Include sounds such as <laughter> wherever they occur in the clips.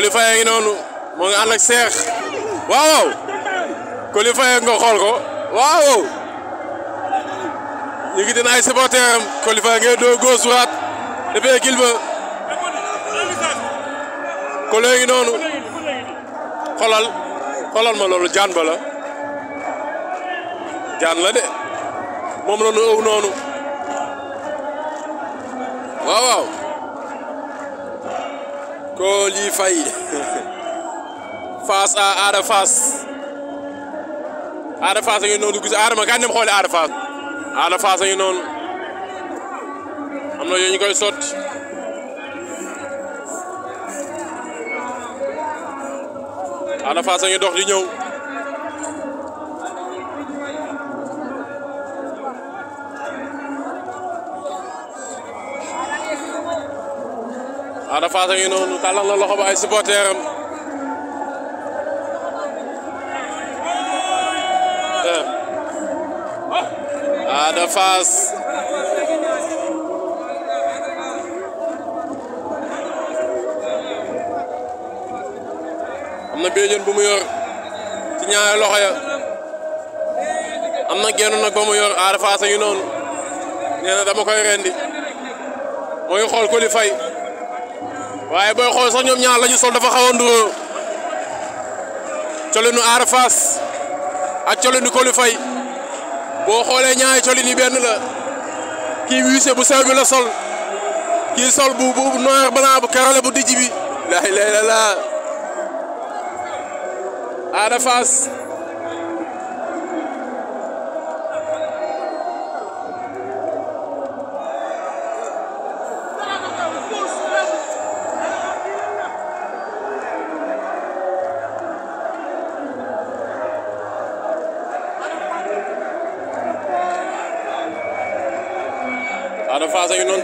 Coly Faye ngi noonu moo ngi ànd ak Cheikh waaw Coly Faye nga xool ko waaw ñu ngi dina ay supporter am ngi noonu xolal xolal ma loolu jaan ba jaan la de moom la nu noonu waaw waaw Coly Faye face à Ada Fass Ada Fass a ngi noonu du gis Adama kan dem xooli Ada Fass Ada Fass a ngi noonu am na yooyu koy sotti Ada Fass a ngi dox di ñëw Ada Fass a ngi noonu tàllal na loxo ba ay supporter am na béjjén bu mu yor ci loxo ya am na genn nag ba mu yor noonu nee dama koy rendi mooy xool ko fay waaye booy xool sax ñoom ñaar lañu sol dafa xaw a nduroo colinu Ada Fass ak colinu Coly Faye boo xoolee ñaari colin yi benn la kii wiise bu sew la sol kii sol bu bu noir blanc bu karale bu dijj bi lay lay la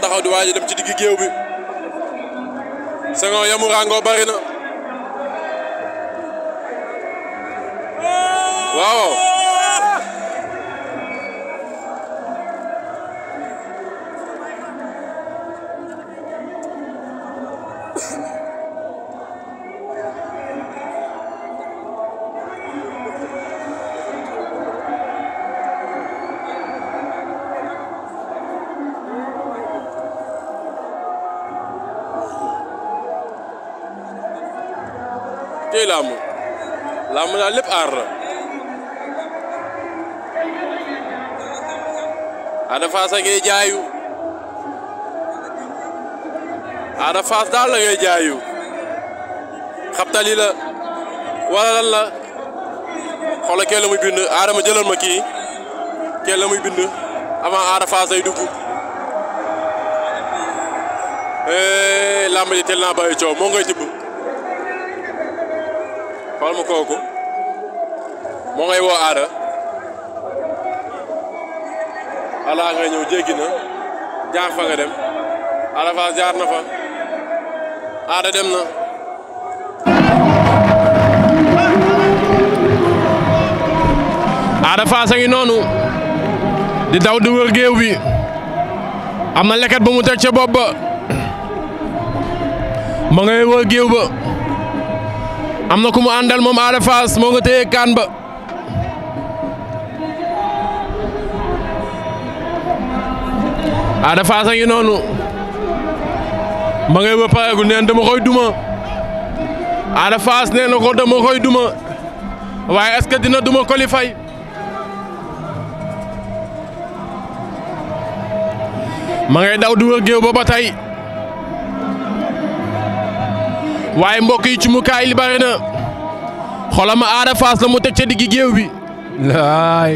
taxaw di waaj dem ci digg géew bi Senghor yamu rango bari na waaw làmb làmb daal lépp aar la Ada Fass jaayu Ada Fass daal la ngay jaayu xabtali la wala lan la bind Adama jëlal ma kii kee bind avant Ada Fass day dugg eh, ji teel naa bàyyi coow moo ngay tibb xool ngay woo aada alaa Ada Fass jaar noonu di daw di wër géew bi am na leket ba mu teg ca bopp ba ma ngay wër géew ba am na ku mu àndal moom Ada Fass moo nga téye kaan ba Ada Fass noonu ma ngay ba neen dama koy duma Ada Fass nee na ko dama koy duma waaye est dina duma kolifay Faye ma ngay daw di wër géew ba ba waaye mbokk yi cumukaay li bari na xolama Ada Fass la mu teg ca diggi géew bi laay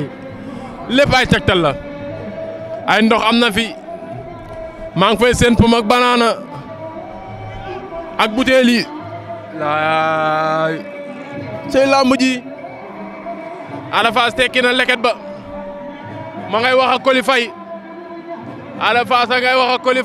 lépp ay tegtal la ay ndox am na fi maa ngi fay seen pom ak banaana ak butéel yi laay sey làmb ji Ada Fass tekki na leket ba ma ngay wax ak Coly Faye Ada a ngay wax ak Coly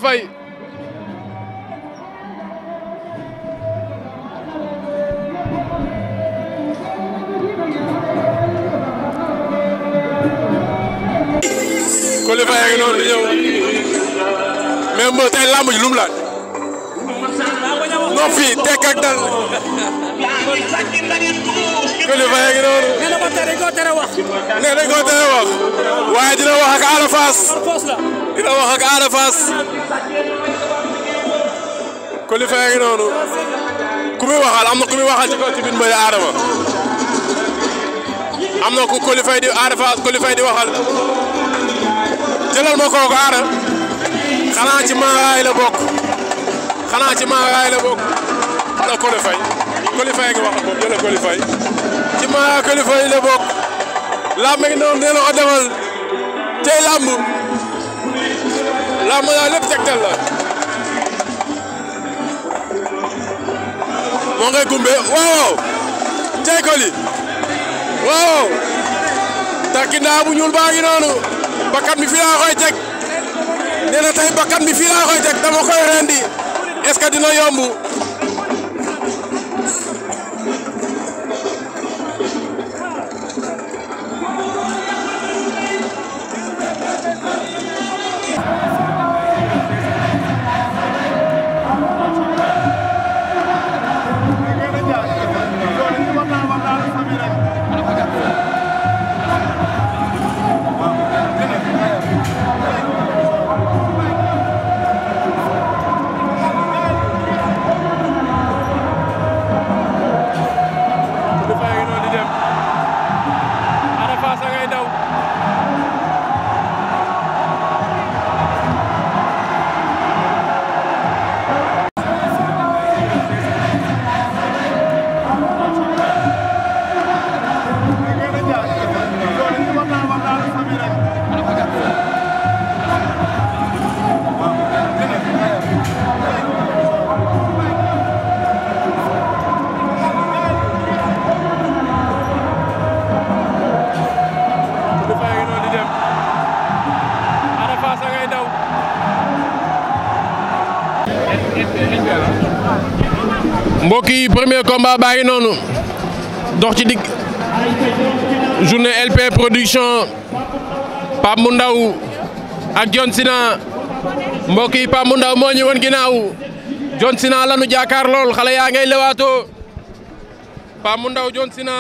yaa ngi noonu di ñëw mais mbër tey làmb ji lu mu laaj. non fii tekk tere wax. waaye dina wax ak Ada Fass. dina wax ak Ada Fass. kilifa yaa ngi noonu. ku muy waxal am na ku muy waxal ci ku kilifa di Ada Fass kilifa di waxal. jëlal ma kooku aada xanaa ci maaraay la bokk xanaa ci maaraay la bokk na Coly Faye Coly Faye nga wax ci maaraay Coly Faye la bokk làmb ngi noonu nee na ko demal tey làmb làmb yaa lépp la moo gumbe waaw tey Coly waaw takki ndaa baa ngi noonu bakkan bi fii laa teg nee na tey bakkan bi fii laa teg dama koy rendi est-ce dina yomb. mbokk yi premier combat baa noonu dox ci digg journée LP production Pape Bou Ndaw ak John Sina mbokk yi Pape Bou Ndaw moo ñu woon ginnaaw John Sina lanu jaakaar lool xale yaa ngay lewaatoo Pape Bou Ndaw John Sina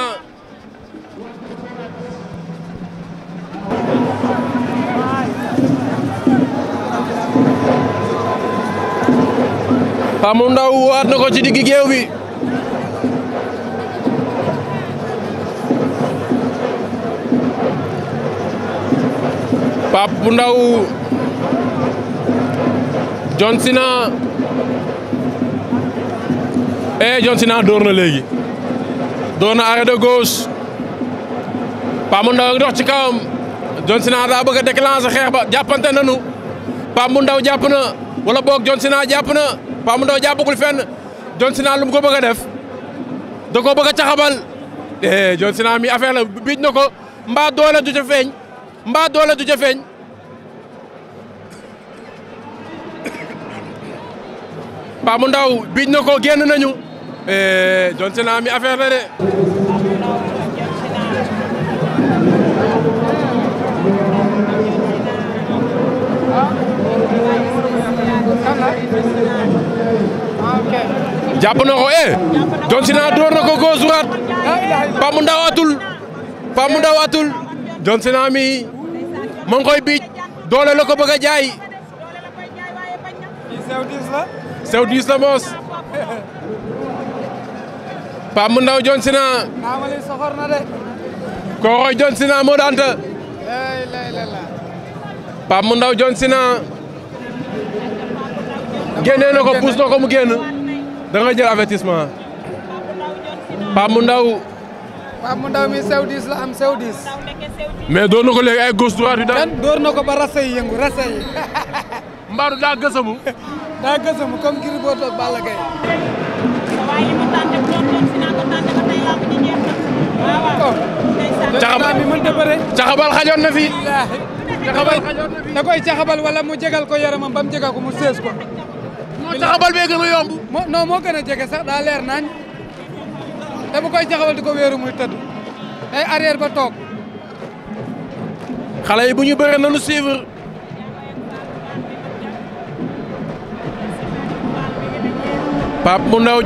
Pamou Ndaw waat na ko ci diggi géew bi Pape Ndaw John Sina eh John Sina door na léegi door na arrêt de gauche Pape Ndaw ak dox ci kawam John Sina daa bëgg a déclencher xeex ba jàppante nañu Pape Ndaw jàpp na wala boog John Sina jàpp na. Pape Ndaw jàppagul fenn John Sina lu mu ko bëgg a def da koo bëgg caxabal eh John mi affaire la biij na ko mbaa doole du ca feeñ mbaa doole du ca feeñ. Pape Ndaw biij na ko génn nañu eh John Sina mi affaire la de. jàpp na ko eh John Sina door na ko gauche droite Pape Bou Ndaw atul Pape Bou Ndaw atul John Sina mi biij doole la ko bëgg a jaay. sew diis la. sew moos Pape Bou Ndaw John Sina. naamali soxor na de. kooxoy John moo daan ta. Pape Bou Ndaw John Sina. génnee na ko pousse na ko mu génn. da nga jël avertissement Pape mu ndaw. Pape mu ndaw mi sew la am sew diis. mais ko léegi ay gauche droite yu daan. door na ko ba rase yëngu rase yi. <laughs> Mbadou daa gësamu. <laughs> daa gësamu comme Gris Bordeaux ba tey làmb xajoon na fi. caxabal xajoon na fi. da mu jegal ko yaramam ba mu jegal ko mu sées ko. moo caxabal bee moo moo gën a jege sax daa leer nañ te bu koy jaxawal di ko wéeru tëdd day arrière ba toog. bu ñu bëre nañu suivre. Pape mu ndaw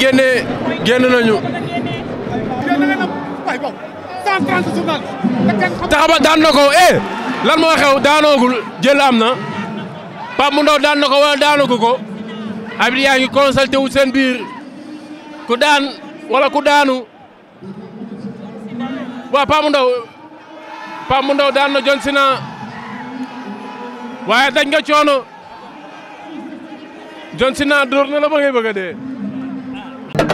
génne. génn nañu. taxaba daan na ko eh lan moo xew daanoogul jël am mu ndaw daan na ko wala daanagu yaa ngi consulté wu seen biir ku daan wala ku daanu waaw Pape mu ndaw Pape mu ndaw daan na jon si na waaye daj nga coono jon si na dóor la ba ngay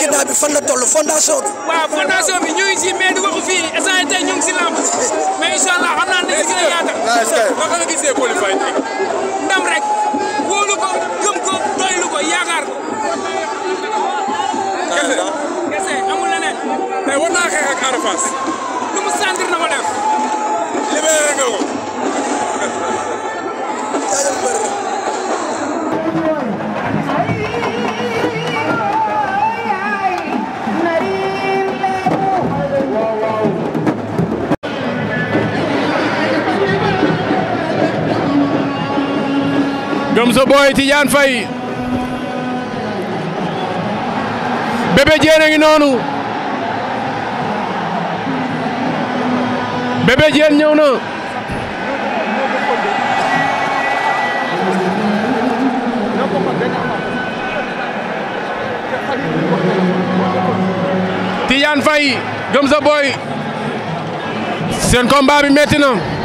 Médina bi fan la toll fondation bi. waaw fondation bi ñu ngi si fii instant yii tey si lamb mais incha allah xam naa ne si gën a yaatal. est-ce que rek wóolu ko gëm ko doylu ko yaakaar ko. kese kese amul leneen. tey war naa xeex ak Ada Fass. lu mu sentir na ko def. libéré nga ko. gëm sa booy Tidiane Faye Bébé Diène ngi noonu Bébé Diène ñëw na Tidiane Faye gëm sa booy seen combat bi metti na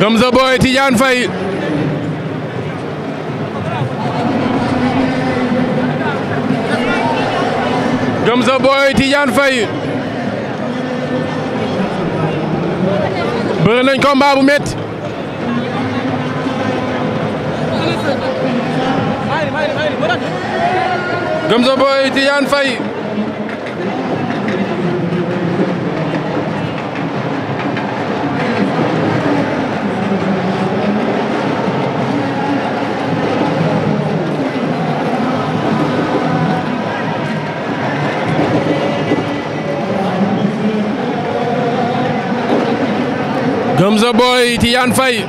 Gamza Boy Tidiane Faye Gamza Boy Tidiane nañ combat bu métti Gamza Boy Tidiane Faye Gamza Boy Tidiane Faye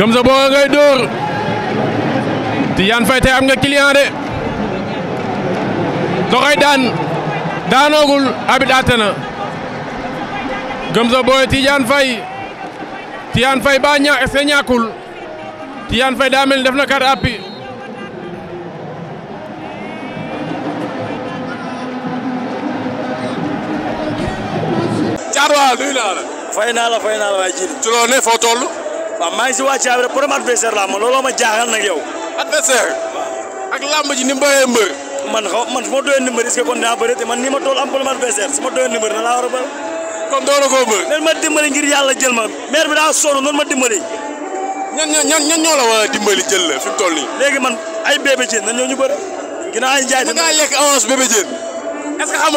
Gamza Boy ngay tey am nga client de doxay daan daanoogul abit àtte na Gamza Boy Tidiane Faye Tidiane Faye ba ñaa est-ce que ñàkkul daa mel ni def na carte appui Naar waaw nuyu naa la. fay naa la fay naa la waaye ne foo toll. waaw maa ngi si wàccaay bi rek premier adversaire ma looloo ma jaaxal nag yow. adversaire. ak làmb ji ni mu bëree man xaw man su ma doyoon numéro est-ce que kon dinaa bëri te man ni ma toll am premier adversaire su ma doyoon numéro na laa war a bëri. kon door a koo ma dimbali ngir yàlla jël ma maire bi daa sonn noonu ma dimbali. ñan ñan ñan ñoo la war dimbali jël la fi mu toll nii. léegi man ay bébé jën na ñoo ñu bëri. ginnaaw ay jaay te nag lekk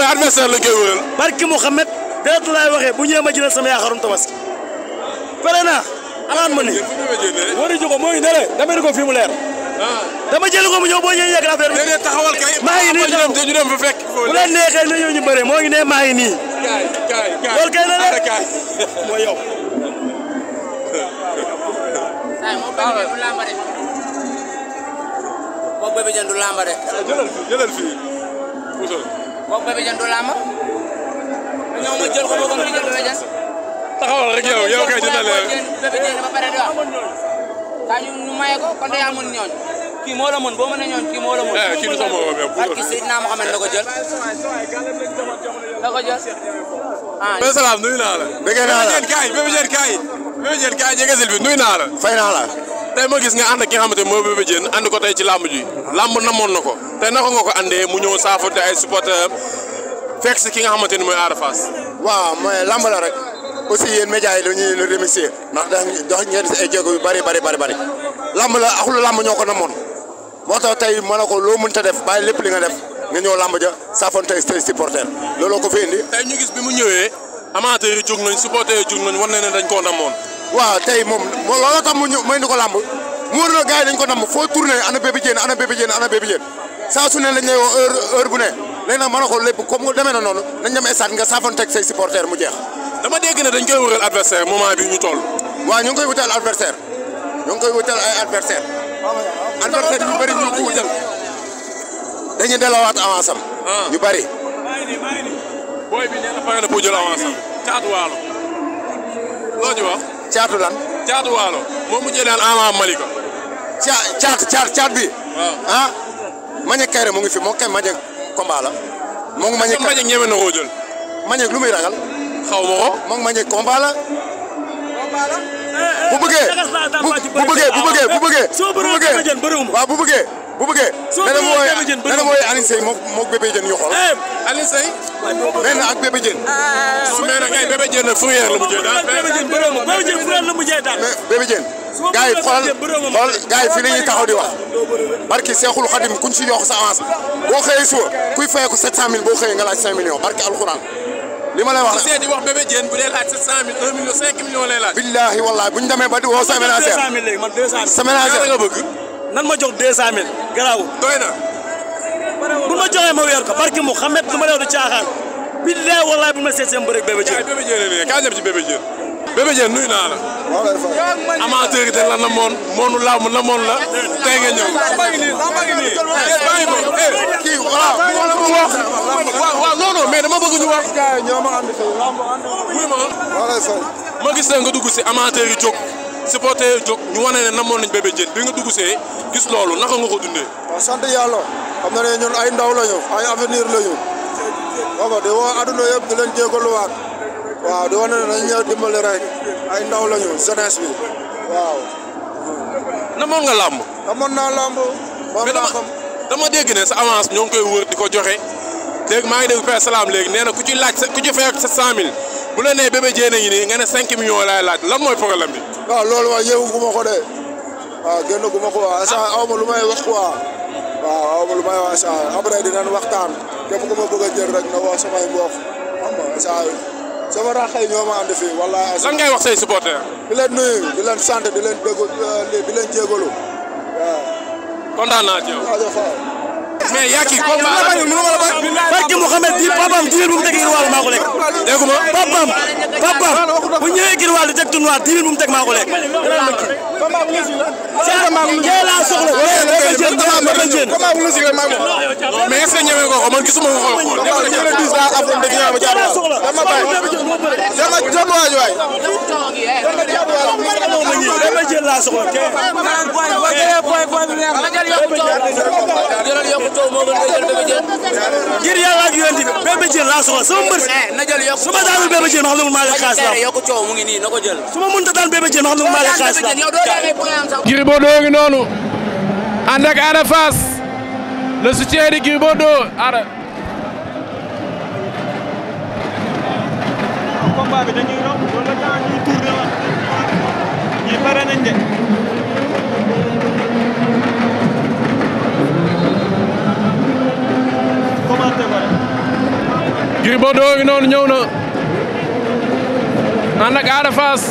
avance la koy wëral. deret laay waxee bu ñëwee ma jëlal sama yaakaarum tabaski alaan ma ni wari ji ko moo ngi nere dama ko fii mu leer dama jël ko mu ñëw boo ñëwee yegg affaire bi taxawal kay maa ngi nii taxaw ñu dem fa fekk bu leen moo ngi ne maa ngi nii loolu kay na leer mooy yow ñoo ma jël ko ma maye ko kon de yaa mën ñooñ kii moo la mën boo mënee ñooñ kii eh, ko jël. la ko jël. ah yow. salaam nuyu naa la. dégg naa la bébé Diène kaay bébé Diène kaay. nuyu naa la. fay naa ma gis nga ànd ak ki nga xamante ne moo bébé Diène ànd ko tey ci làmb ji làmb namoon na ko tey naka nga ko àndee mu ñëw saafante ay supporter fekk si ki nga xamante ni mooy Ada Fass. waaw mooy lamb la rek aussi yéen médias yi dañuy leen remercier ndax dox ngeen si ay jéego bari bari bari lamb la axulu lamb ñoo ko namoon moo tax tey ma ne ko loo mënta def bàyyi lépp li nga def nga ñëw lamb ja saafoonte tey supporter looloo ko fi indi. tey ñu gis bi mu ñëwee amateurs yi jug nañ supporter jug nañ wan ne dañ koo namoon. waaw tey moom looloo tax mu indi ko lamb mu wër la gars yi dañ ko nam foo tourné ana Bébé Diène ana Bébé Diène saa su léegi na mën a lépp comme nga demee na noonu nañ dem stade nga saafanteeg say supporters mu jeex. dama dégg ne dañ koy wutal adversaire moment bi ñu toll. waa ñu ngi koy wutal adversaire ñu ngi koy wutal ay adversaire adversaire yu bëri ñu ko wutal dañuy delawaat avance am. Ah. ñu bëri. booy bi nee na pare na pour jël caatu waalo. moom mu jëlee Ama Malika. caa caat caat caat bi. waaw ah. Maña Kayre mu ngi fi moo kay Maña. combat la. moom Manick Manick ñeme na koo jël. Manick lu muy ragal. xaw ma ko moom Manick combat la. combat eh, la. bu bëggee eh, bu bu bëggee bu bëggee bu bëggee. soo bëriwoon dama jën bëriwuma waaw bu bëggee. bu bëggee nana mooy nana mooy Alioune Seye moom moog Bébé Diène ñu xool. Eh. ak Bébé Diène. Ah, ah, ah. su ma yee daal. Bébé Diène fourrière la mujjee daal. mais gars yi xoolal xool di wax barki Seexul Xadim kuñ si yokk sa avance boo xëyee suba kuy fayee ko 700000 boo xëyee nga laaj 5 millions barki alxuraan li wax billaahi wallaahi bu ñu ba di woo sa ménagère man ma jox 200000. garaawul doy na. bu ma joxee ma weer ko barki mu xam ne du ma billaahi wallaahi bu ma seet seen bëri bébé Diène. bébé Diène ka dem Bébé Diène nuyu naa la. amateur yi dañ la namoon moonu làmb namoon la tey nga ñëw. waaw non waa mais dama bëgg ñu wax. ma gis la nga dugg si amateur yi jóg supporter yi jóg ñu wane ne namoon nañ Bébé Diène bi nga dugg see gis loolu naka nga ko dundee. waaw sant yàlla xam na ñun ay ndaw la ñu ay avenir la ñu. waaw de woo àdduna yëpp di leen jégaluwaat. waaw di wane ne dañu ñëw ay ndaw lañu jeunesse bi waaw. na moon nga làmb. amoon naa làmb. mais dama dama dégg ne sa avance ñoo ngi koy wër di ko joxe dégg maa ngi dégg Père Salam léegi nee na ku ci laaj sa ku ci fay ak 700000 bu la nee bébé jéene nga ne 5 millions laay laaj lan mooy problème bi. waaw loolu waa yéegu gu ma ko dee. waaw génn gu ma ko waa instant aw ma lu may wax quoi. waaw aw ma lu may wax instant après dinañ waxtaan képp ku ma bëgg a jël rek na woo sama rax yi ñoo ma ànd fii wallaahi. lan ngay wax say supporter. di leen nuyu di leen sant di leen déglu di leen jégalu waaw. kontaan naa ci yow. mais yaa kii combat la bañu mënu ma la bañ barki Mouhamed di bu mu teg ngir maa ko lekk déggu ma papaam papaam bu ñëwee ngir teg tournoi dix bu mu teg maa ko lekk jël maa ko mais est-ce que ko ko man gisuma ko xool dama la jël waay Sow moo gën nga jël Bébé Diène. ngir yàlla ak yonent bi Bébé Diène laa soxla sama mbër. Eh, na jël yokku su ma daanul Bébé Diène ma xam ne maa ngi xaas la yokku coow mu ngi nii na ko jël. su ma mënta daan Bébé Diène ma xam ne maa ngi xaas la. Gris Bordeaux ngi noonu ànd ak Ada Fass le soutien de Gris Bordeaux Ada. combat bi dañuy romb wala temps ñuy tourné waat ñii pare nañ de. Gris Bordeaux ngi noonu ñëw na ànd ak Ada Fass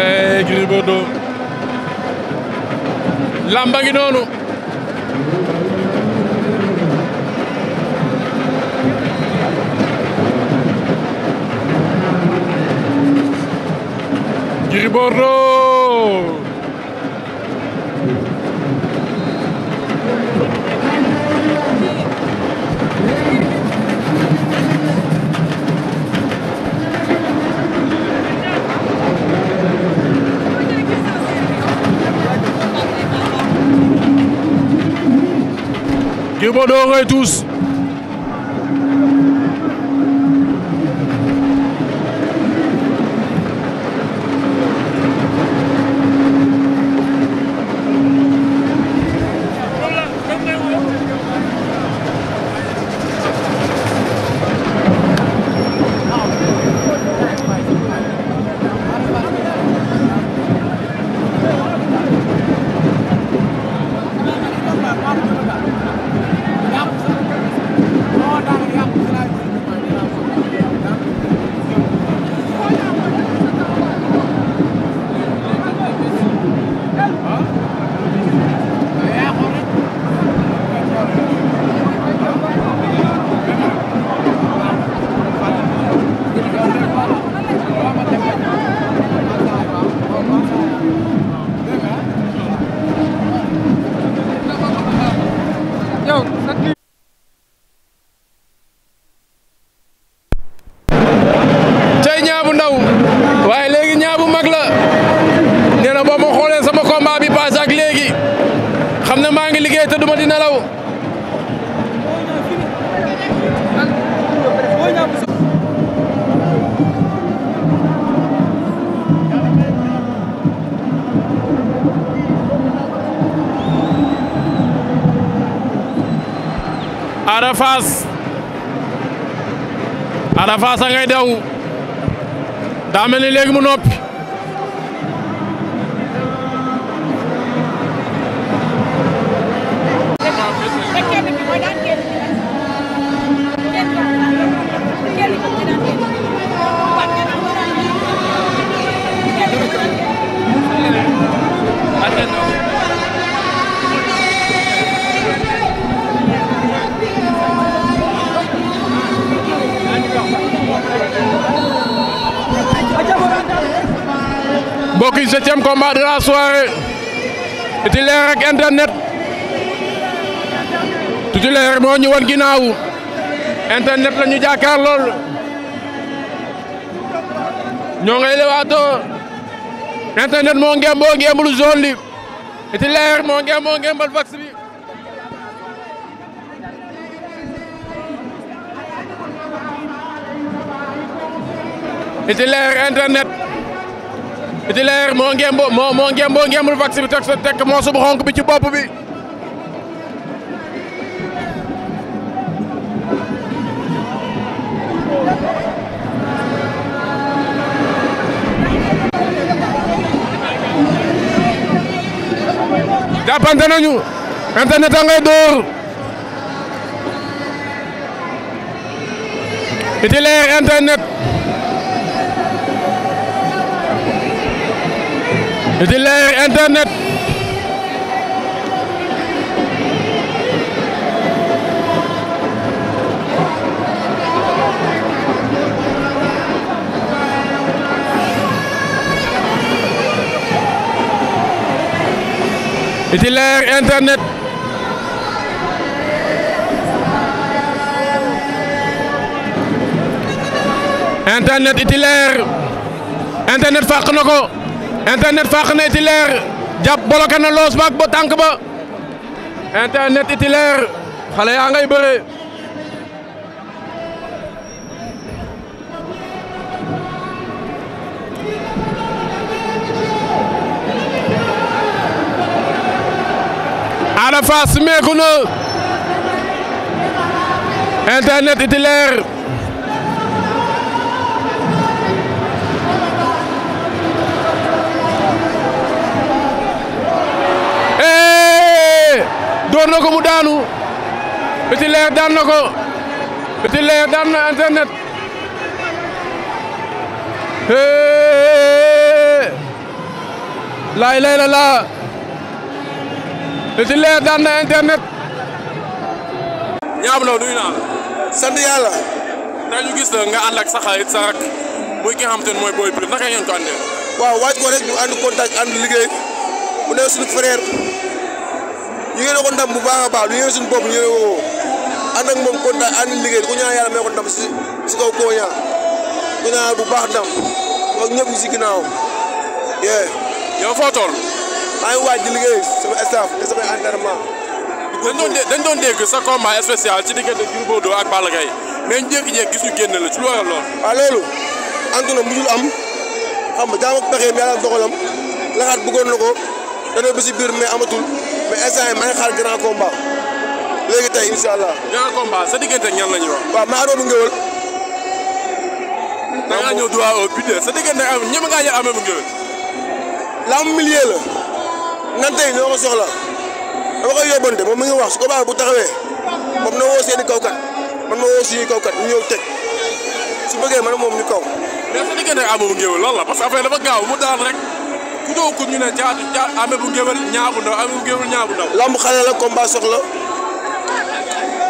eh, Gris Bordeaux lamba ngi Gris Bordeaux Gris Bordeaux ngay tuus Ada Fass Ada Fass a ngay daw daa mel ni léegi mu noppi septième combat de la soirée titulaire ak internet titulaire moo ñu wan ginnaaw internet la ñu jàkkaar lool ñoo ngay lewaatoo internet moo ngem boo ngemul zone li titulaire moo ngem boo ngembal vax bi titulaire internet Titulaire moo ngembo moo moo ngembo ngembul bi teg teg moosu bu bi ci bopp bi. jàppante nañu internet a ngay dóor internet. di leer internet di leer internet internet di leer internet fàq na ko internet fàq na Itilaire jàpp boloké na loos ba ak ba tànk ba internet Itilaire xale ngay bëre. Ada Fass meeku internet Itilaire. door na ko mu daanu Petit Leer daan na ko Petit na internet laay daan na internet ñaam la sant yàlla tey ñu gis la nga ànd ak sa xarit sa muy ki nga xam te ne mooy Boy Pire naka waaw waaj ko rek ñu contact ànd liggéey mu ne suñu frère ñu ngi ko ndam bu baax a baax lu yéene suñu bopp ko ànd ak moom kontaan ànd liggéey ku ñaan yàlla may ko ndam si si kaw koo ñaan ku ñaan bu baax ndam ak ñëpp si ginnaaw yee. yow foo toll. maa ngi waaj di liggéey sama staff te sama entraînement. dañ doon dañ doon dégg sa combat spécial ci diggante Gris Bordeaux ak Balla Gaye mais jékki-jékki gis ñu génn la ci lu waral lool. waaw loolu ànd na am xam nga jaam ak pexe yàlla doxalam laxaat bëggoon na ko dana bi si biir mais amatul. mais instant yii maa ngi xaar léegi tey incha allah. grand sa diggante ñan la ñuy wax. waaw maa amoon ngëwël. da ngaa ñëw droit au but sa diggante am ñeme ngaa jël ameeku ngëwël. lamb milieu la. nan tey soxla. dama koy yóbbante moom mi ngi wax su ko baax bu taxawee moom na woo seeni kawkat man ma woo suñuy kawkat ñu ñëw teg su bëggee man moom ñu kaw. mais sa diggante ameeku ngëwël loolu la parce que dafa gaaw mu daal rek. ku ñëw ku ñu ne caatu caat Ameth bu Géwél Niang bu Ndaw Ameth bu Géwél Niang bu Ndaw. lamb xale la combat soxla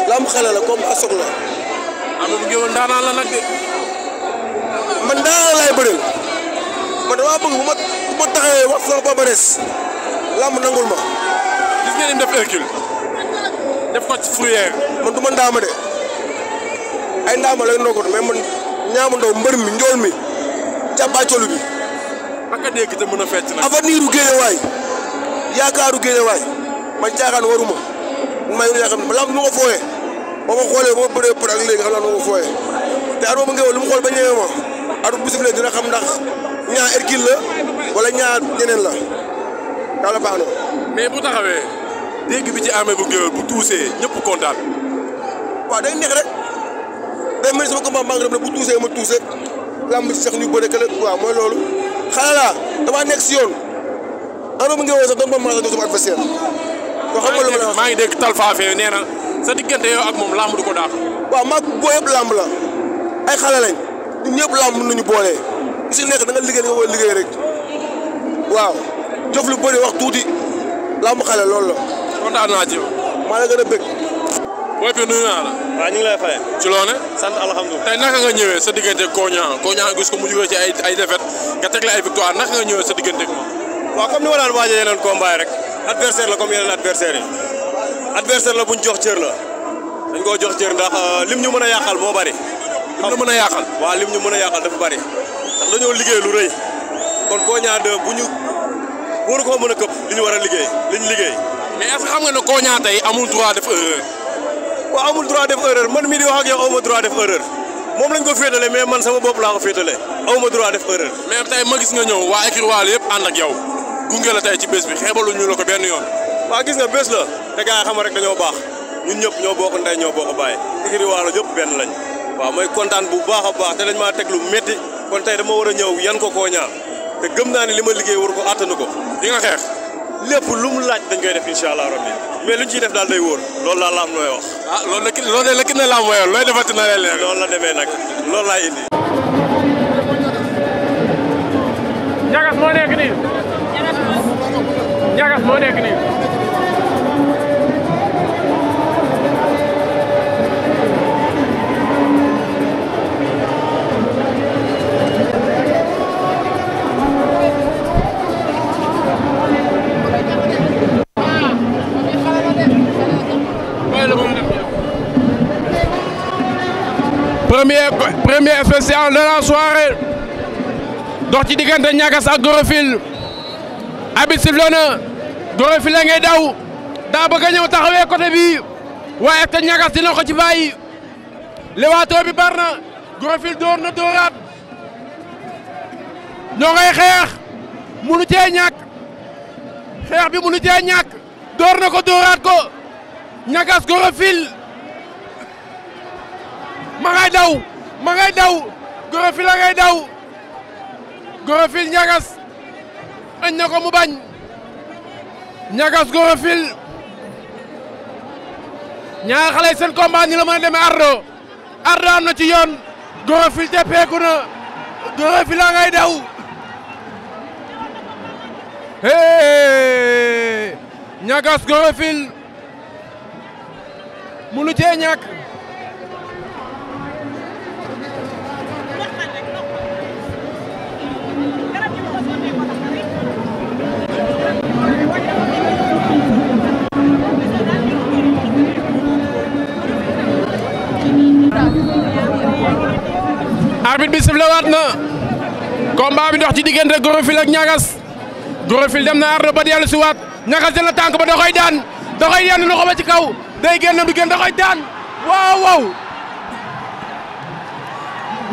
lamb xale la combat soxla. Ameth bu Géwél ndaanaan la nag de. man ndaanaan laay bëreel man damaa bëgg bu ma bu ma taxawee wax sama palmarès lamb nangul ma. gis ngeen ni def Hercule def ko ci fourrière. man du ma ndaama de ay ndaama lay ndogoon mais man Niang bu Ndaw mbër mi njool mi càppaacolu bi. ak a dégg te mën a fecc nag. avenir u Guédiawaye yaakaaru Guédiawaye man caaxaan waruma man maa ngi yaakaar balaa ma ko fooyee ba ma xoolee ba ma bëree pare ak léegi xam naa ma ko fooyee te at boobu ngeen lu mu xool ba ñëwee ma at bu siflee dina xam ndax ñaar Hercule la wala ñaar ñeneen la yàlla baax na. mais bu taxawee dégg bi ci amee bu géwél bu tuusee ñëpp kontaan. waaw day neex rek day mel ni sama maa ngi bu tuusee ma tuusee lamb ci sax ñu bëre kële waaw mooy loolu. xale laa damaa nekk si yoon heure bu ngeen woowee sax doon ma mën a sama adversaire. yoo xam nga lu ma maa ngi dégg Talfa Fee nee sa diggante yow ak moom làmb du ko daax. waaw maa boo yëpp làmb la ay xale lañ ñun ñëpp làmb mën nañu boole ku si nekk da nga liggéey li nga war liggéey rek waaw jof lu bëri wax tuuti làmb xale loolu la. kontaan maa la gën bëgg. booy bi nuyu naa la. waaw ñu ngi lay fay. ci loone sant alhamdulilah. tey naka nga ñëwee sa diggante Kognan Kognan gis ko mu jógee ci ay ay défaite nga tegle ay victoire naka nga ñëwee sa diggante ak moom. waaw comme ni ma daan waajee yeneen combat yi rek. adversaire la comme yeneen adversaire yi. adversaire la buñ jox cër la. dañ koo jox cër ndax euh, lim ñu mën a yàqal moo bari. lim ñu mën a yàqal. waaw lim ñu mën a yàqal dafa bari. ndax dañoo liggéey lu rëy. kon Kognan de bu ñu waru koo mën a këpp li ñu war a liggéey li liggéey mais est-ce que xam nga ne Kognan tey amul droit def waaw amul droit def erreur man mii di wax ak yow aw ma droit def erreur moom lañ ko féetale mais man sama bopp féetale aw ma droit def erreur. mais tey ma gis nga ñëw waa écurie Walo yëpp ànd ak yow gunge la tey ci bés bi xeebalu ñu ko benn yoon. waaw gis nga bés la te gars yi xam rek dañoo baax ñun ñëpp ñoo bokk ndey ñoo bokk bàyyi écurie Walo ñëpp benn lañ waaw mooy kontaan bu baax a baax te dañ maa teg lu métti kon tey dama war a ñëw yan ko koo ñaar te gëm naa ne li ma liggéey war ko àttanu ko di nga xeex lépp lu mu laaj dañ koy def incha allah rabbi mais luñ ciy def daal day woon loolu daal la am looy wax. ah loolu la ki loolu la ki looy wax na leen. loolu la demee nag loolu laay indi. Njagas moo nekk nii. premier premier spécial de soirée dox ci diggante ñagas ak Gorofil abit sifle na Gorofil daw daa bëgg a taxawee côté bi waaye est-ce ñagas dina ko ci bàyyi lewaatoo bi bar na Gorofil dóor na dóoraat ñoo ngay xeex munu cee ñàkk xeex bi munu cee ñàkk dóor na ko dóoraat ko ñagas Gorofil ma ngay daw ma ngay daw Gorofil la ngay daw Gorofil ñagas añ na ko mu bañ ñagas Gorofil ñaar xale seen combat ni la mën a demee Ardo Ardo am na ci yoon Gorofil te peeku na Gorofil la ngay daw ñagas Gorofil munu cee ñàkk arbitre bi sifle waat na combat bi dox ci diggante Gros File ak ñagas Gros dem na ardo ba dellu si waat ñagas jël na tànk ba da koy daan da koy yenn loxo ba ci kaw day génn du génn da daan waaw waaw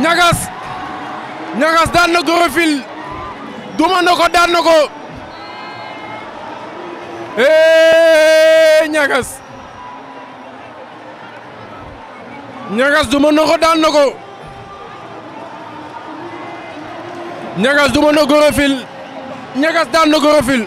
ñagas ñagas daan na Gros duma na daan na ko ñagas ñagas duma na daan na ñagas duma na Gorofil ñagas daan na Gorofil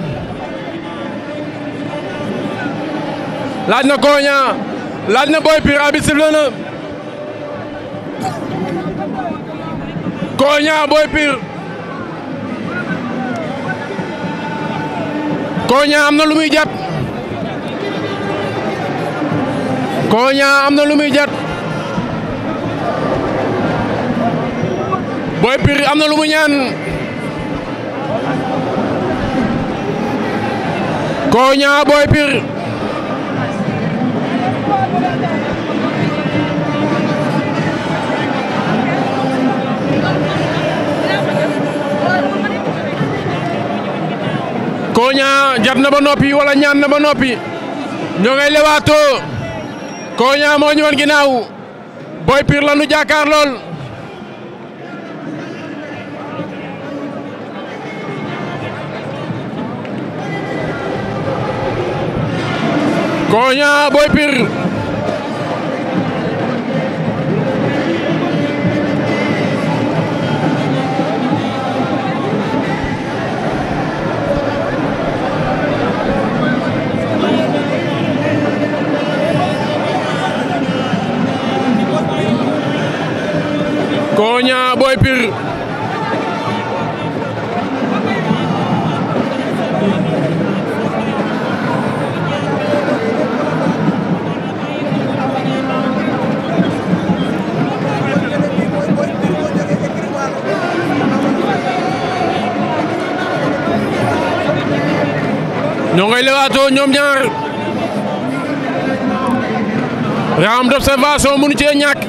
laaj na Kogna laaj na Boy Pire abi sifle na Kogna Boy Pire Kogna am na lu muy jàpp Kogna am na lu muy jàpp Boy am na lu ñaan Kogna Boy Pire Koña jat na ba noppi wala ñaan na ba noppi ñoo ngay lewaatoo Koña moo ñu woon ginnaaw Boy Pire la nu jàkkaar lool Konia Boy Pire ñoo ngay lewaatoo ñoom ñaar round d'observation mënu cee ñàkk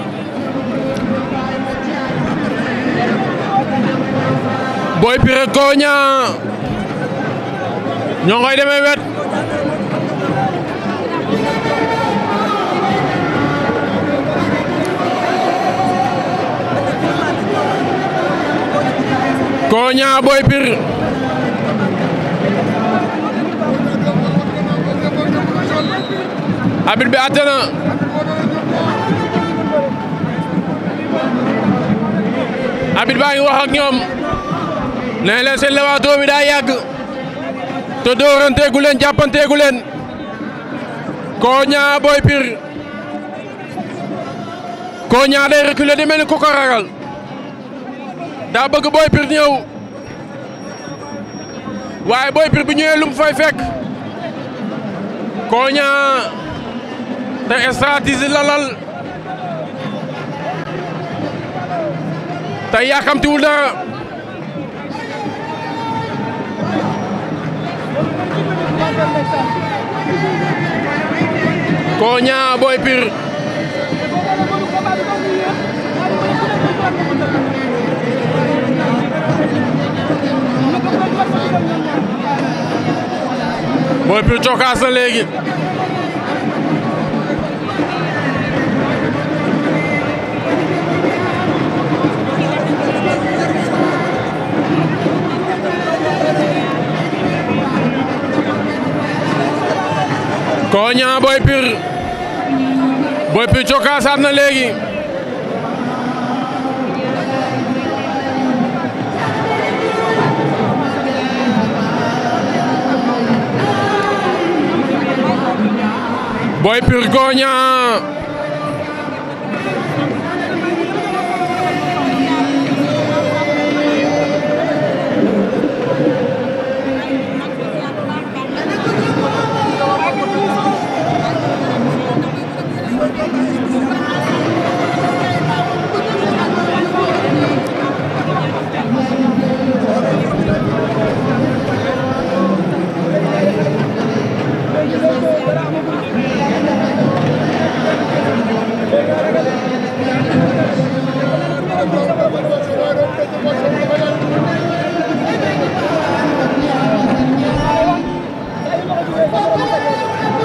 Boy Pire Koña ñoo ngoy demee wet Koña Boy Pire abit bi àtte na abit baa ngi wax ak ñoom nee leen seen lewaatoo bi daa yàgg te dooranteegu leen jàppanteegu leen Konia Boy Pire Konia day reculer di mel ni ku ko ragal daa bëgg Boy Pire waaye Boy bu ñëwee lu mu fay fekk Konia te stratégie la te yàkkamtiwul dara Konia Boy Pire Boy Pire cokaas na léegi Konia Boy Pire Boy Pine cokkaasaat na léegi Boy Pine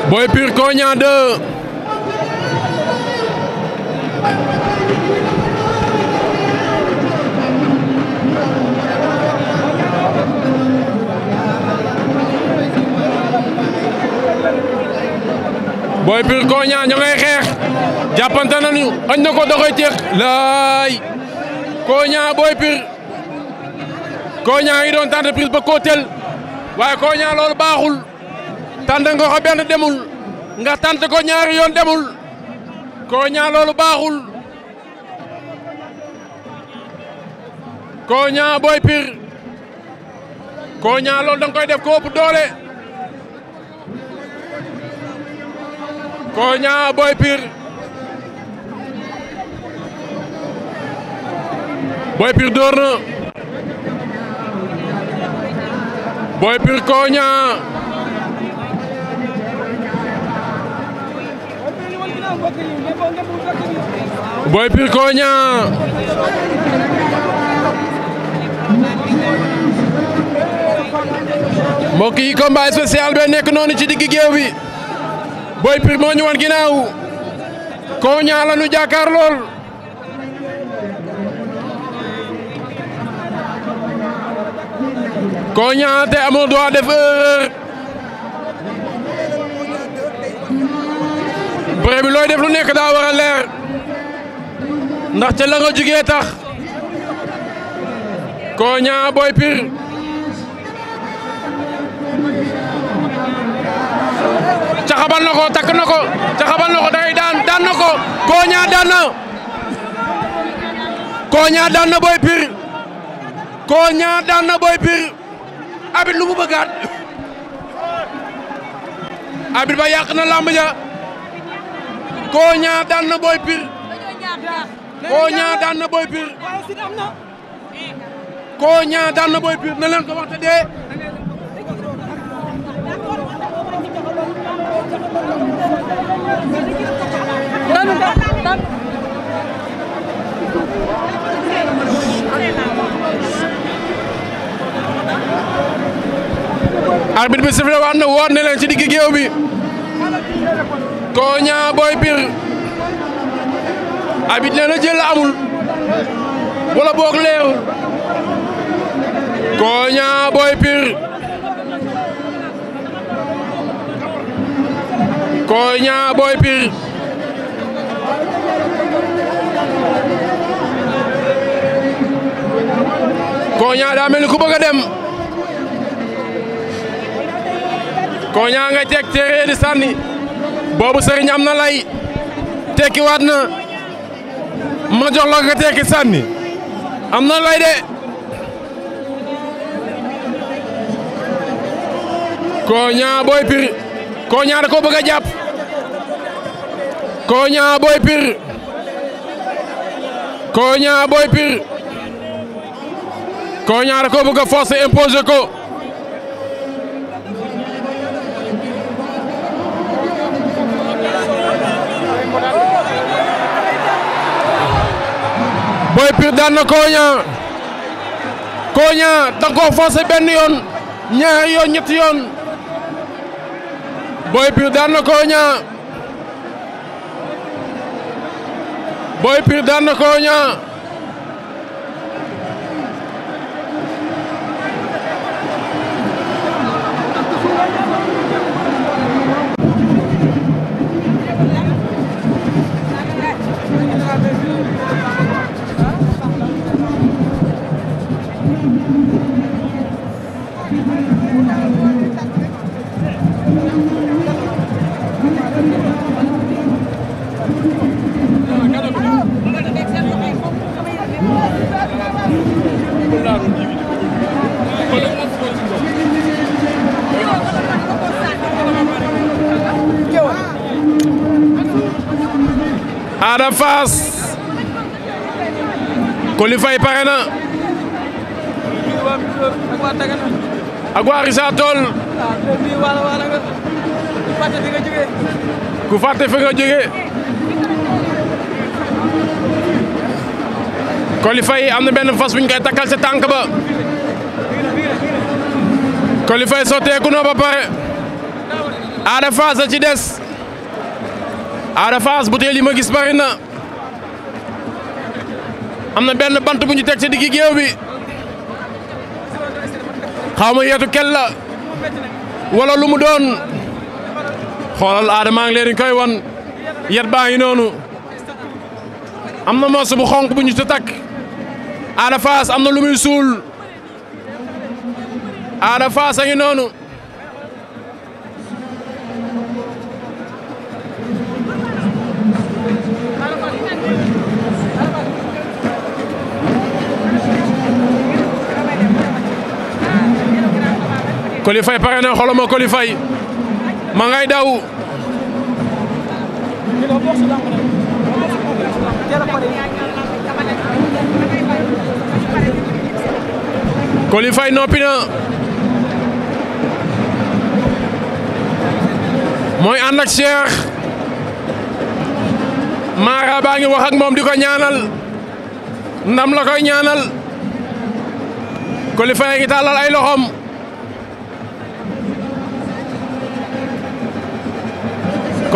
Boy Pire Kogna Boy Pire Koña ña ngay xeex jàppante nañu añ na ko doxoy laay Koña Boy Pire Koña ngi doon tànn prise ba kootel waaye Koña loolu baaxul tànn nga ko benn demul nga tànn ko ñaari yoon demul Koña loolu baaxul Koña Boy Pire Koña loolu danga koy def ko ëpp doole Koña Boy piir Boy Pire door na Boy Pire Koña Boy yi combat spécial bi nekk noonu ci digg géew bi Boy Pire moo ñu wan ginnaaw Konia la ñu jàkkaar lool Konia te amul droit def erreur bëre bi looy def lu nekk daa war a leer ndax ca la nga jugee tax Konia Boy Pire caxabal na ko takk na ko caxabal na ko day daan daan na ko Konia daan na Konia daan na Boy Pire Konia daan na Boy Pire abit lu mu bëggaat abit ba yàq na lamb daan na Boy Pire Konia daan daan na Boy Pire na leen ko wax dee arbitre bi sifflé waat na woor ne ci digg géew bi Konia Boy Pire arbitre nee na jël amul wala boog leerul Konia Boy Pire Boy Niang Boy Pire Boy Niang daa ni ku bëgg a dem Boy nga tekk téere di boobu sëriñ am na lay tekki waat na ma jox la nga tekki sànni am na lay de Boy Niang Boy Koña da ko bëgg jàpp Koña Boy Pire Koña Boy Pire Koña da ko bëgg a forcer imposer ko Boy Pire daan na Koña Koña da ko benn yoon ñaari yoon ñetti yoon Boy Pire daan na koo ñaa Boy Pire daan na koo ñaa Ada Fass Coly Faye pare na ak waa Richard Toll ku fàtte fi nga jógee Coly Faye am na benn fas bu ñu koy takkal sa tànk ba Coly Faye sotteeku na ba pare Ada Fass a ci des Ada Fass butéel yi ma gis bari na am na benn bant bu ñu teg ci diggi géew bi xaw ma yeetu kel la wala lu mu doon xoolal Ada maa ngi leen koy wan yet baa ngi noonu am na mos bu xonq bu ñu ci takk Ada am na lu muy suul Ada Fass a ngi noonu. Coly Faye pare na xoloma Coly ma ngay daw Coly noppi na mooy ànd ak Cheikh ngi waxak moom di ko ñaanal ndam la koy ñaanal Coly Faye ngi tàllal ay loxoom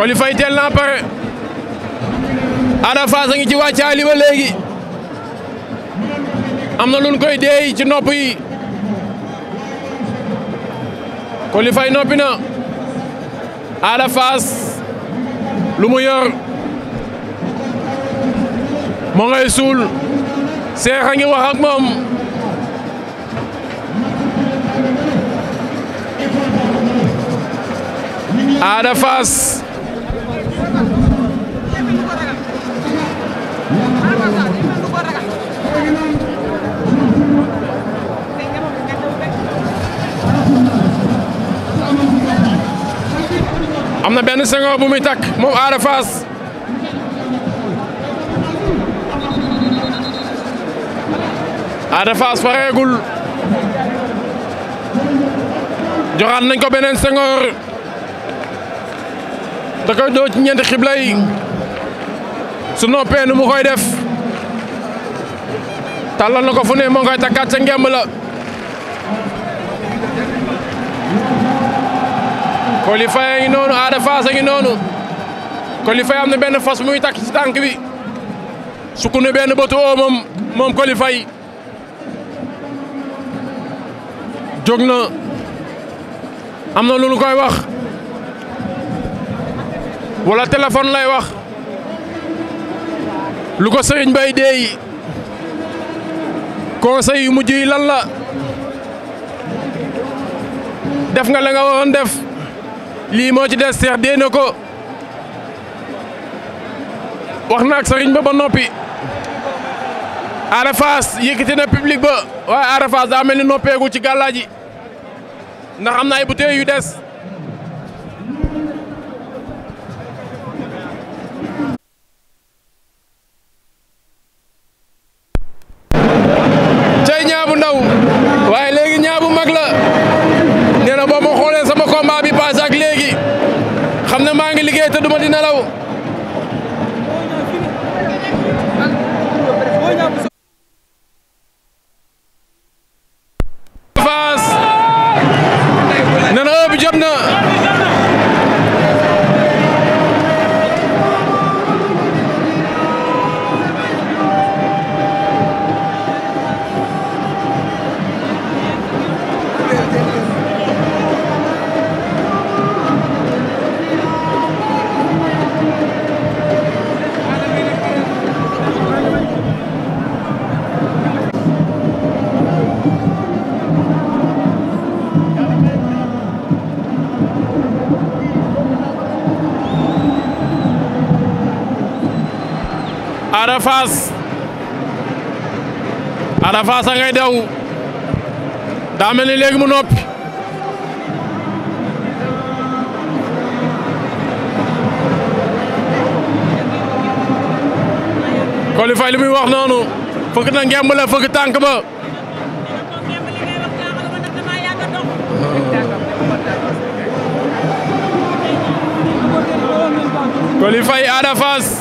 Coly Faye teel naa pare Ada a ngi ci wàccaali ba léegi am na lu koy deey ci nopp yi Coly Faye noppi na Ada Fass lu mu yor moo ngay suul Seex a ngi wax moom Ada Fass am na benn sengoor bu muy takk moom Ada Fass Ada Fass joxaat nañ ko beneen sengoor da koy doo ci ñeenti xiblay yi su noppee nu mu koy def tàllal na ko fu ne moo koy takkaat ca ngemb la Coly Faye a ngi noonu Ada am na benn fos muy takk ci tànk bi sukk na benn bëtu oo moom moom jóg na am na lu ñu koy wax wala téléphone lay wax lu ko sëriñ bay deey conseil yu mujj yi lan la def nga la nga waroon def lii moo ci des seex dee ko wax na ak sëriñ ba ba noppi Ada Fass yëkkati na public ba waaye Ada daa mel ni noppeegu ci gàllaa ji ndax am na ay bouteilles yu des Fass Ada Fass ngay daw daa mel ni léegi mu noppi Coly Faye muy wax noonu fëgg na ngemb la fëgg tànk ba Coly Faye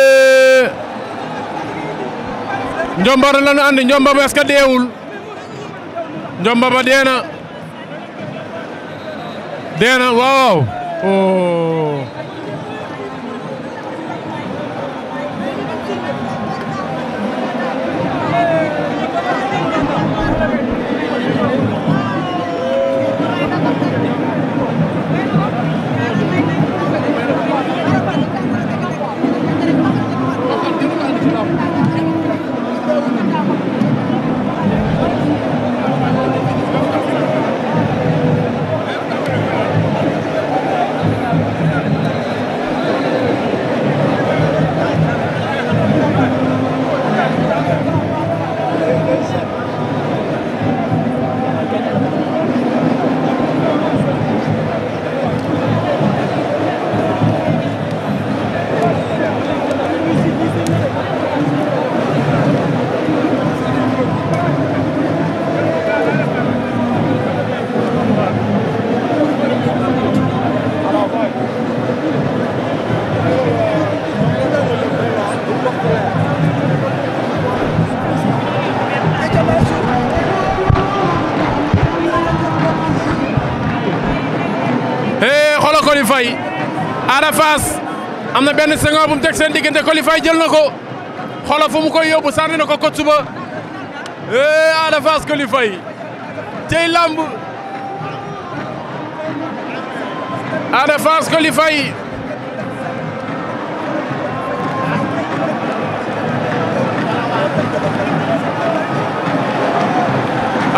njombar la ñu andi njomba ba est-ce deewul njomba ba dee waaw Fass am na benn sengoor bu mu teg seen diggante Colifay jël na ko xoolal fu mu koy yóbbu sànni na ko kot suba eh Ada Fass Colifay tey lamb Ada Fass Colifay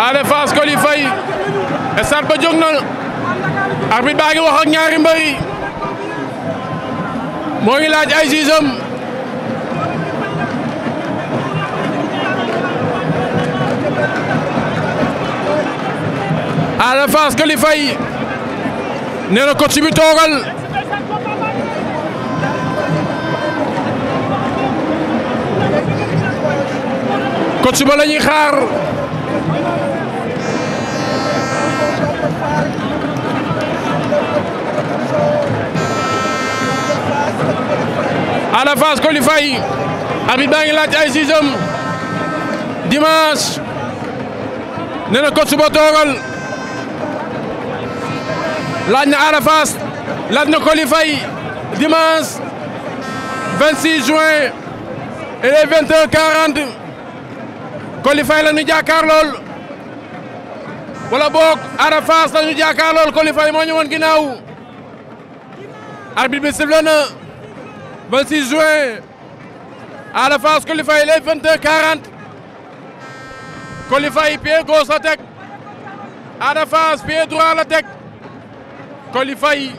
Ada Fass ba jóg na arbitre baa ngi wax ak ñaari mbër yi moo ngi laaj ay siisam Ada Fass Coly Faye nee na coach bi toogal coach ba la ñuy Ada Fass Coly Faye arbitre baa ngi laaj ay sixième dimanche nee na coach toogal laaj na Ada Fass laaj na Coly Faye dimanche 26 juin il est 20h40 Coly Faye la ñu jàkkaar lool wala boog Ada Fass la lool Coly Faye moo ñu woon ginnaaw arbitre bi 26 juin à la face Coly Faye les 22 40 Coly Faye la teg Ada Fass droit la teg Coly Faye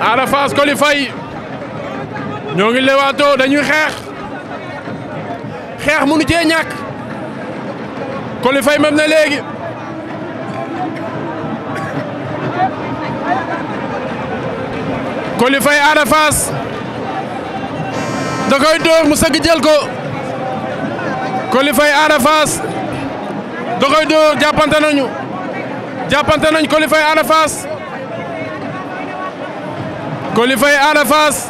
Ada ñoo ngi lewaatoo dañuy xeex xeex mënu cee ñàkk Coly Faye même na léegi Coly Faye Ada Fass da koy dóor mu sëgg jël ko Coly Faye Ada dóor jàppante nañu jàppante nañu Coly Faye Ada Fass Coly Faye Ada Fass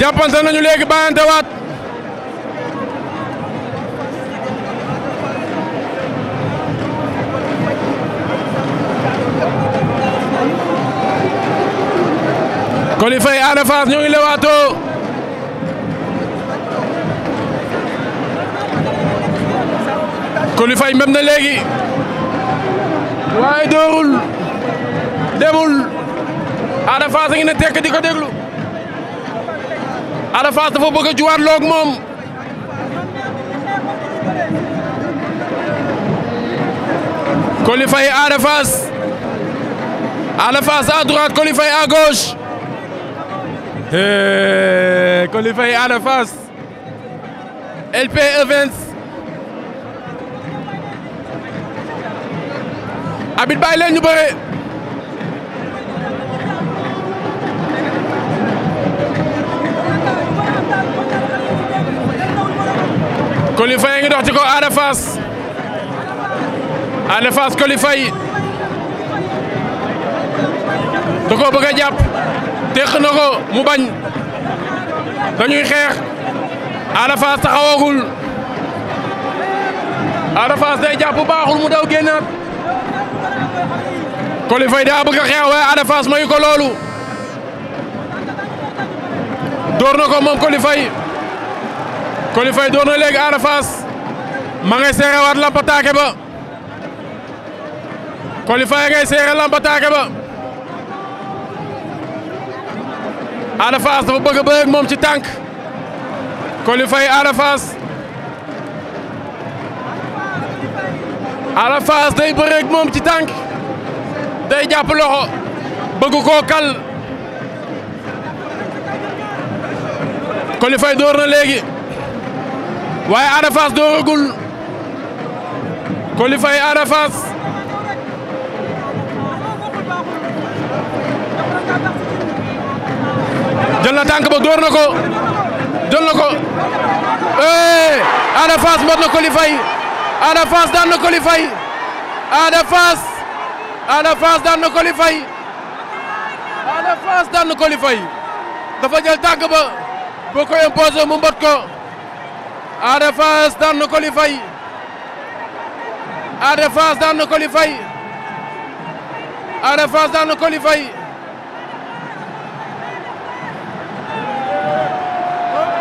waat Coly Faye Ada Fass ñu ngi lewaatoo Coly Faye mbem léegi waaye dóorul demul Ada Fass a ngi di ko déglu Ada Fass dafa bëgg a loog moom Coly Faye Ada Fass Ada Fass à droite kilifa yi Ada Fass LP Events abit bàyyi leen ñu bëre kilifa yi ngi dox ci ko Ada jàpp téq na ko mu bañ dañuy xeex Ada Fass taxawagul Ada Fass day jàpp baaxul mu daw génnaat Coly Faye daa bëgg xeex waaye Ada mayu ko loolu door na ko moom Coly Faye Coly Faye door na léegi Ada Fass ma ngay ba Coly Faye ngay seere lampataake ba Ada Fass dafa bëgg a moom ci tànk Coly Faye Ada Fass Ada day bëre moom ci tànk day jàpp loxo bëgg koo kal Coly Faye léegi waaye Ada Fass dooragul Coly Faye jël na tànk ba door na ko jël na ko Ada Fass mbot na Coly Faye Ada Fass daan na Coly Faye Ada Fass Ada Fass daan na Coly Faye Ada Fass daan ko imposé mu ko Ada Fass daan na Coly Faye Ada Fass daan na Coly Faye Ada Fass daan na Coly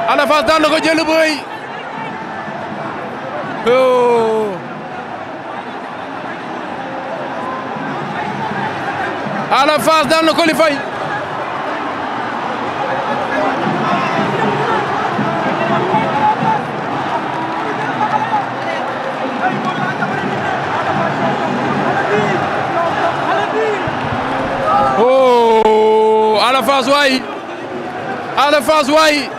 Ada Fass daan na ko jël bu rëy oh. Ada Fass daan na Coly Faye oh. Ada Fass waay Ada Fass waay